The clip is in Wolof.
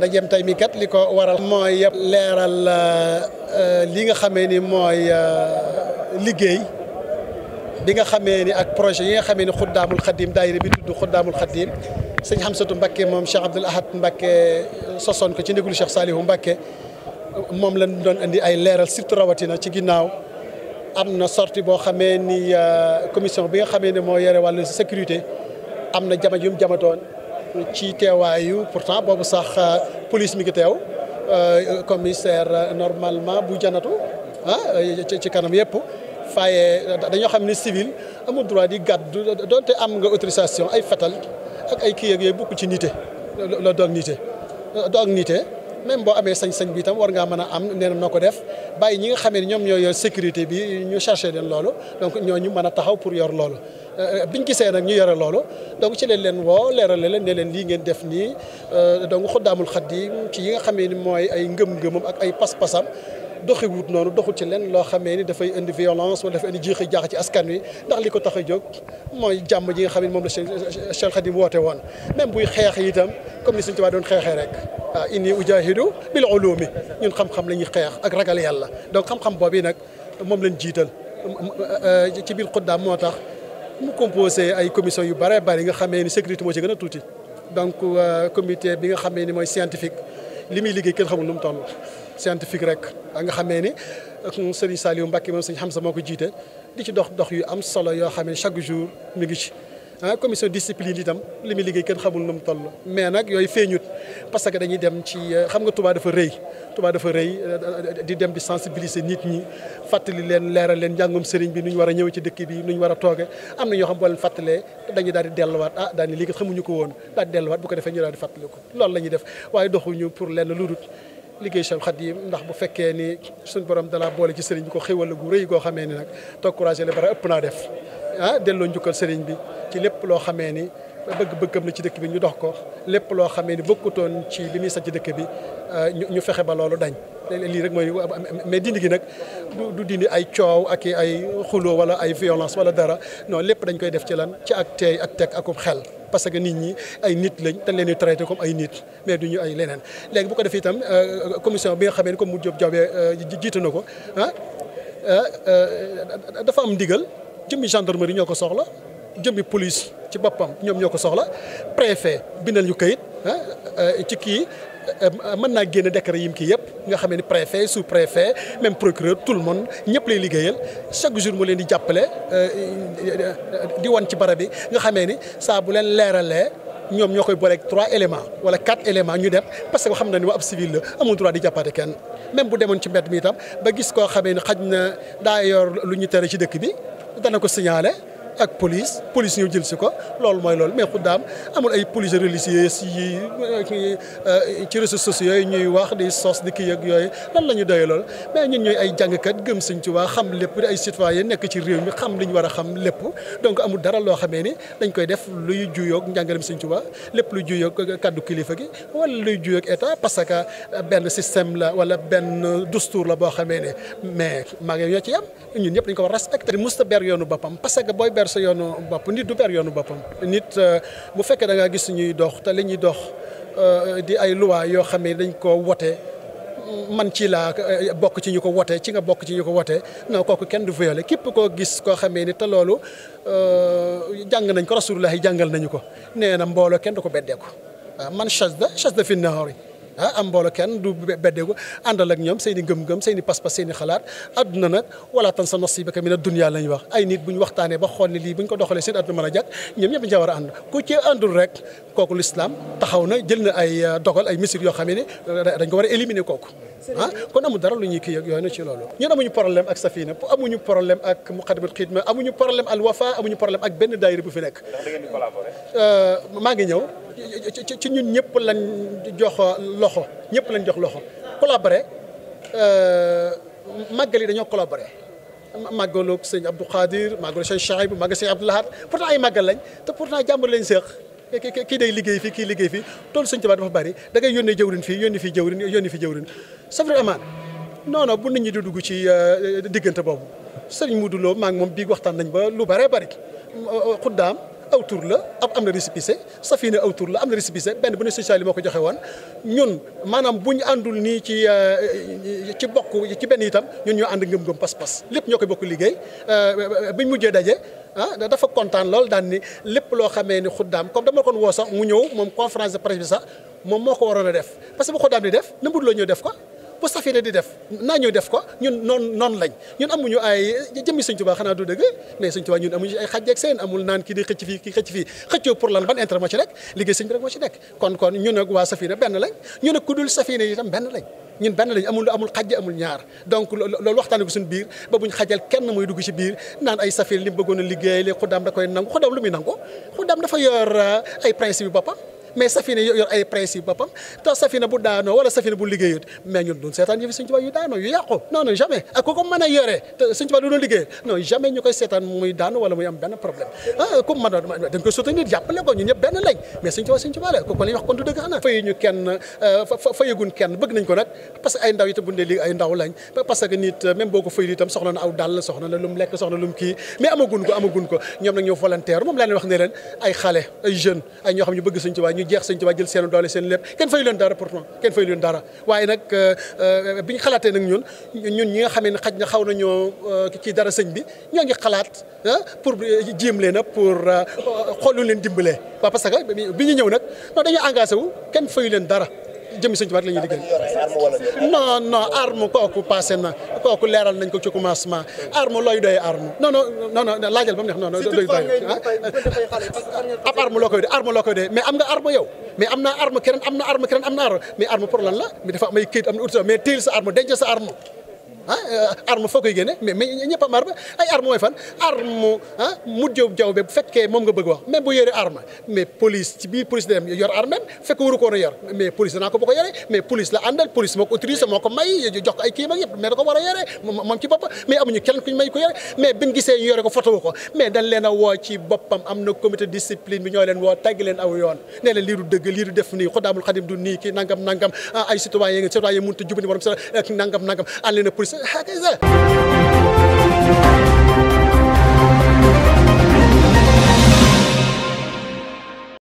ndajeem tey mi kat li ko waral mooy yëpp leeral euh, li nga xamee ni mooy euh, liggéey bi nga xamee ni ak projet yi nga xamee ni xuddaamul xadim daayira bi tudd xuddaamul xadim sëñ Xamsatu Mbakke moom Cheikh Abdoul Ahad Mbakke sosoon ko ci ndigul Cheikh Salihu Mbakke moom lañ doon indi ay leeral surtout rawatina ci ginnaaw am na sorti boo xamee ni euh, commission bi nga xamee ni moo yore wala sécurité am na jama yum jamatoon ci teewaayu pourtant boobu sax euh, police mi ngi teew euh, commissaire euh, normalement bu janatu ah ci kanam yëpp faaye dañoo xam ne civil amul droit di gàddu doonte am nga autorisation ay fetal ak ay kii yeeg yooyu bokk ci nité la doog nité doog nité même boo amee sañ-sañ bi itam war ngaa mën a am nee noo ko def bàyyi ñi nga xamee ni ñoom ñoo yor sécurité bi ñu cherché leen loolu donc ñooñu mën a taxaw pour yor loolu euh, biñ gisee nag ñu yore loolu donc ci leen leen woo leerale leen ne leen lii ngeen def nii euh, donc xuddaamul xaddi ci yi nga xamee ni mooy ay ngëm-ngëmam ak ay pas-pasam dox wut noonu doxul ci leen loo xamee ni dafay indi violence wala dafay indi jiixi jaax ci askan wi li ko tax a jóg mooy jàmm ji nga xam moom la Cheikh Khadim woote woon même buy xeex itam comme ni Sëñ Tuubaa doon xeexee rek waaw ah, inni ujahidu bil ulumi ñun xam-xam la ñuy xeex ak ragal yàlla donc xam-xam boobu nag moom lañ jiital euh, ci biir xuddaam moo tax mu composé ay commission yu bare bari nga xamee ni sécurité moo ci gën a tuuti donc euh, comité bi nga xamee ni mooy scientifique li muy liggéey kenn xamul nu mu toll scientifique rek nga xamee ni sëriñ Saliou Mbacke moom xam Hamza moo ko jiite di ci dox dox yu am solo yoo xam ne chaque jour mu ngi ci. ah commission discipline tam li muy liggéey kenn xamul nu mu toll mais nag yooyu feeñut parce que dañuy dem ci euh, xam nga Touba dafa rëy Touba dafa rëy euh, di dem di sensibiliser nit ñi fàttali leen leeral leen njàngum sëriñ bi nu ñu war a ñëw ci dëkk bi nu ñu war a tooge am na ñoo xam boo leen fàttalee dañuy daal di delluwaat ah daal ko woon daal di delluwaat bu ko defee ñu daal di fàttali ko loolu la ñuy def waaye doxuñu liggéey Cheikh Khadim ndax bu fekkee ni suñ borom dalaa boole ci sëriñ bi ko xéwal gu rëy goo xamee ni nag toog courage la bara ëpp naa def ah delloo njukkal sëriñ bi ci lépp loo xamee ni bëgg-bëggam na ci dëkk bi ñu dox ko lépp loo xamee ni bokkutoon ci bi muy sax ci dëkk bi euh, ñu fexe ba loolu dañ lii rek mooy mais dindi gi nag du dindi ay coow ak ay xuloo wala ay violence wala dara noonu lépp dañ koy def ci lan ci ak teey ak teg akum xel parce que nit ñi ay nit lañ dañ leen di traité comme ay nit mais du ñu ay leneen léegi boo ko defee itam euh, euh, commission bi nga xamee ni comme mu Diop Diawbe jiite na ko ah dafa am ndigal jëmmi gendarmerie ñoo ko soxla jëmbi police ci boppam ñoom ñoo ko soxla préfet bindal ñu kayit ah, euh, ci kii euh, mën naa génne décret yim kii yëpp nga xamee ni préfet sous préfet même procureur tout le monde ñëpp lay liggéeyal chaque jour mu leen di jàppale euh, di wan ci barab bi nga xamee ni saa bu leen leeralee ñoom ñoo koy booleeg trois éléments wala quatre éléments ñu dem parce que xam na ni waa ab civil la amul droit di jàppaate kenn même bu demoon ci mbedd mi itam ba gis koo xamee ni xaj na daa yor lu ñu tere ci dëkk bi dana ko signaler. ak police police ñëw jël si ko loolu mooy lool mais xuddaam amul ay police religieuse yi euh, euh, ci réseaux sociaux yi ñuy wax di sos di ki ak yooy lan la ñu doyee loolu mais ñun ñooy ay jàngkat gëm Sëñ waa xam lépp di ay citoyen nekk ci réew mi xam li ñu war a xam lépp donc amul dara loo xamee ni dañ koy def luy juyoog njàngalem Sëñ Tuubaa lépp luy juyoog kaddu kilifa gi wala luy juyoog état parce que benn système la wala benn dustuur la boo xamee ne mais maa ngi ñoo ci ñëpp dañ ko war respecté musta sa yoonu bopp nit du per yoonu boppam nit euh, bu fekkee da ngaa gis ñuy dox te li ñuy dox euh, di ay loi yoo xam ne dañ ko wote man ci laa euh, bokk ci ñu ko wote ci nga bokk ci ñu ko wote non kooku kenn du violé képp koo gis koo xamee ni te loolu jàng nañ ko rasulullah yi jàngal nañu ko nee na mbooloo kenn du ko beddee ko ah, waaw man chas da chas da fi nahoor ah am mbooloo kenn du beddeeku àndal ak ñoom seen i ngëm-ngëm seen i pas-pas seen xalaat adduna nag wala tan sa nasibaka mina dunya lañ wax ay nit bu ñu waxtaanee ba xool ne lii bu ñu ko doxalee seen adduna mën a jàkk ñoom ñëpp a ànd na jël na ay uh, dogal ay mesures yoo xam ne dañ a éliminer kooku ah kon amul dara lu ñuy kii ak yooyu na ci loolu ñun amuñu problème ak safina amuñu problème ak muqaddimatul xidma amuñu problème al wafa amuñu problème ak benn daayira bu fi nekk euh, maa ngi ñëw ci ñun ñëpp lañ jox loxo ñëpp lañ jox loxo collaboré euh, màggal yi dañoo collaboré màggalu sëñ Abdou Khadir màggalu sëñ Chahib màggalu sëñ Abdou Lahad pourtant ay màggal lañ te pourtant jàmbur lañ seex kii day liggéey fii kii liggéey fi tool sëñ Tuubaa dafa bari da ngay yónnee jëwrin fii yónni fii jëwrin yónni fii jëwrin safri amaan non non bu nit ñi di dugg ci euh, diggante boobu sëriñ Moudou Lo maa ngi moom bii waxtaan nañ ba lu bare bari xuddaam aw tur la ab am na récépissé Safina aw tur la am na récépissé benn bu ne social yi moo ko joxe woon ñun maanaam bu ñu àndul nii ci euh, euh, ci bokk ci benn itam ñun ñoo ànd ngëm-ngëm pas-pas lépp ñoo koy bokk liggéey euh, biñ mujjee daje ah dafa kontaan lool daan ni lépp loo xamee ni xuddaam comme dama kon woo sax mu ñëw moom conférence de presse moom moo ko waroon a def parce que bu xuddaam di def na mbudloo ñëw def ko bu safina di def naa ñuy def ko ñun noon noonu lañ ñun amuñu ay jëmmi Sëñ xanaa du dëgg mais Sëñ Tuubaa ñun amuñu ay xàjjeeg seen amul naan kii di xëcc fii kii xëcc fii xëccoo pour lan ban intérêt moo ci nekk liggéey sëñ rek moo ci nekk kon kon ñun waa safina benn lañ ñun ak ku dul safina benn lañ ñun benn lañ amul amul xajj amul ñaar donc loolu waxtaane ko suñu biir ba buñ xajal kenn muy dugg ci biir naan ay safina li mu bëggoon a liggéey li xuddaam da koy nangu xuddaam lu muy nangu xuddaam dafa yor euh, mais safina yor ay principe boppam te safina bu daanoo wala safina bu liggéeyut mais ñun duñ seetaan yëfi Sëñ Tuubaa yu daanoo jamais ak ku ko a yore te Sëñ Tuubaa du doon jamais ñu koy seetaan muy daanu wala muy am benn problème ah, a dañ koy ko ñun ñëpp benn lañ mais Sëñ Tuubaa que ay ndaw euh, itam bu dee liggéey ay leen ay xale jeune ay ñoo xam ñu bëgg Sëñ ñu jeex sëñ Tuubaa jël seen doole seen lépp kenn fayu leen dara pourtant kenn fayu leen dara waaye nag euh, euh, bi ñu xalaatee nag ñun ñun ñi nga xamee ne xaj na xaw nañoo ci euh, dara sëñ bi ñoo ngi xalaat pour jéem leen a pour xool lu leen dimbalee waaw parce que bi ñu ñëw nag non dañuy engagé wu kenn fayu leen dara jëmi sëñ Tuubaa la ñuy liggéey non non arme kooku passé kooku leeral nañ ko ci commencement arme looy doy arme non non non non laajal ba mu neex non non doy doy ab arme loo koy am nga arme yow mais am na arme keneen am na arme keneen am na arme mais arme pour lan la mais dafa am ay këyit am na mais téel sa arme denc sa ah euh, arme foo a fan arme ah mujj jaww fekkee moom nga bëgg wax même bu yore arme mais police ci biir police dem yor arme fekk waru ko war a yor mais police danaa ko ba ko yore mais moom ci boppam mais amuñu kenn kuñ may ko yore mais biñ gisee ñu yore ko fotowu ko mais dañ leen a woo ci boppam am na comité discipline bi ñoo leen woo tàgg aw yoon nee lii du dëgg lii du def nii xoddaamul xadim du nii kii nangam nangam ah, ay citoyen yi nga citoyen mënut a jubani waram sa nangam nangam ànd حديثة